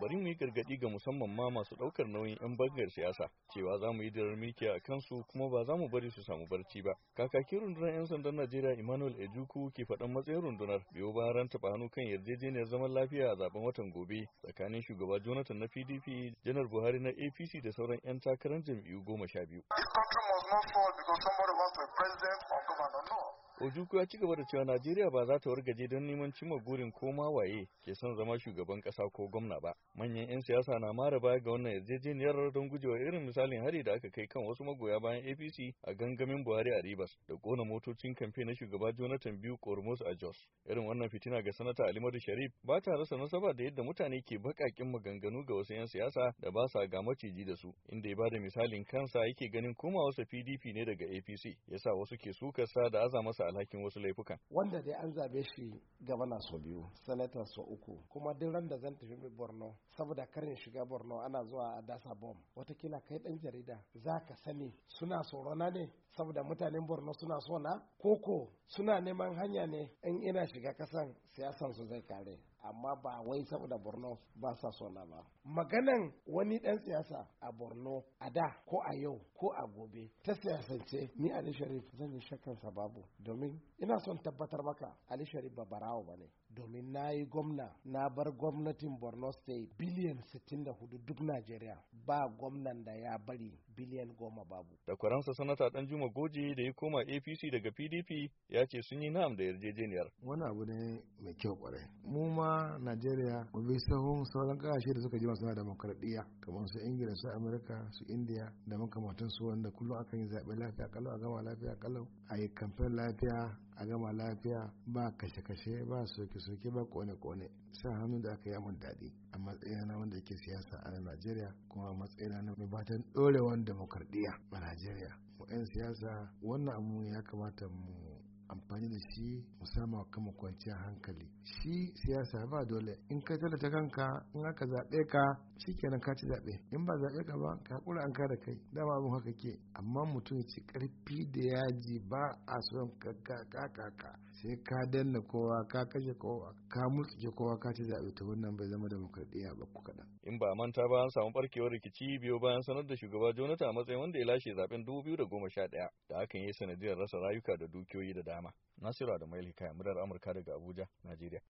Bari mu yi gargaɗi ga musamman ma masu ɗaukar nauyin 'yan bangar siyasa cewa za mu yi dirar mulki a kansu kuma ba za mu bari su samu barci ba. Kakakin rundunar 'yan sandan Najeriya Emmanuel Ejuku ke faɗan matsayin rundunar biyo bayan ran taɓa hannu kan yarjejeniyar zaman lafiya a zaben watan gobe tsakanin shugaba Jonathan na PDP, Janar Buhari na APC da sauran 'yan takarar jam'iyyu goma sha biyu. Ojuku ya ci gaba da cewa Najeriya ba za ta wargaje don neman cimma burin koma waye ke son zama shugaban ƙasa ko gwamna ba. Manyan 'yan siyasa na mara baya ga wannan yarjejeniyar don gujewa irin misalin hari da aka kai kan wasu magoya bayan APC a gangamin Buhari a Ribas, da kona motocin kamfe na shugaba Jonathan Biyu Kormos a Jos. Irin wannan fitina ga sanata Alimadu Sharif ba ta rasa nasaba da yadda mutane ke bakakin maganganu ga wasu 'yan siyasa da ba sa ga maciji da su, inda ya ba da misalin kansa yake ganin komawarsa PDP ne daga APC, yasa wasu ke sukarsa da aza masa alhakin wasu laifukan wanda dai an zabe shi gabana sau biyu sanata sau uku kuma duk ran da zan tafi borno saboda karin shiga borno ana zuwa a dasa bom watakila kai ɗan jarida za ka sani suna tsorona ne saboda mutanen borno suna so na koko suna neman hanya ne in ina shiga kasan siyasan su zai kare amma ba wai saboda borno ba sa sona ba maganan wani dan siyasa a borno a da ko a yau ko a gobe ta siyasance ni ali sharif zan yi sa babu domin ina son tabbatar maka ali sharif ba barawo ba ne domin na yi gwamna na bar gwamnatin borno state biliyan 64 duk najeriya ba gwamnan da ya bari biliyan goma babu da kwaransa sanata dan juma goje da ya koma apc daga pdp ya ce sun yi na'am da yarjejeniyar wani abu ne mai kyau kwarai mu ma ma najeriya mu bi sahun sauran kasashe da suka ji masu demokradiyya kamar su ingila su amurka su indiya da makamantan su wanda kullum aka yi zaɓe lafiya kalau a gama lafiya kalau a yi kamfen lafiya a gama lafiya ba kashe-kashe ba soke-soke ba kone-kone sa hannun da aka yi mun daɗi a matsayina na wanda yake siyasa a najeriya kuma matsayina na mai batan ɗorewan demokradiyya a najeriya mu 'yan siyasa wannan abu ya kamata mu amfani da shi musamman kama kwanciyar hankali shi siyasa ba dole in ka tallata kanka in aka zaɓe ka shi kenan ka ci zaɓe in ba zaɓe ka ba ka hakura an kada kai dama abin haka ke amma mutum ya ci ƙarfi da yaji ba a son ka ka sai ka danna kowa ka kashe kowa ka mutsuke kowa ka ci zaɓe ta wannan bai zama demokradiyya ba ku kaɗan. in ba manta ba an samu barkewar rikici biyo bayan sanar da shugaba jonathan a matsayin wanda ya lashe zaben 2011 da hakan ya sanadiyar rasa rayuka da dukiyoyi da dama nasiru da mai hikaya murar amurka daga abuja najeriya.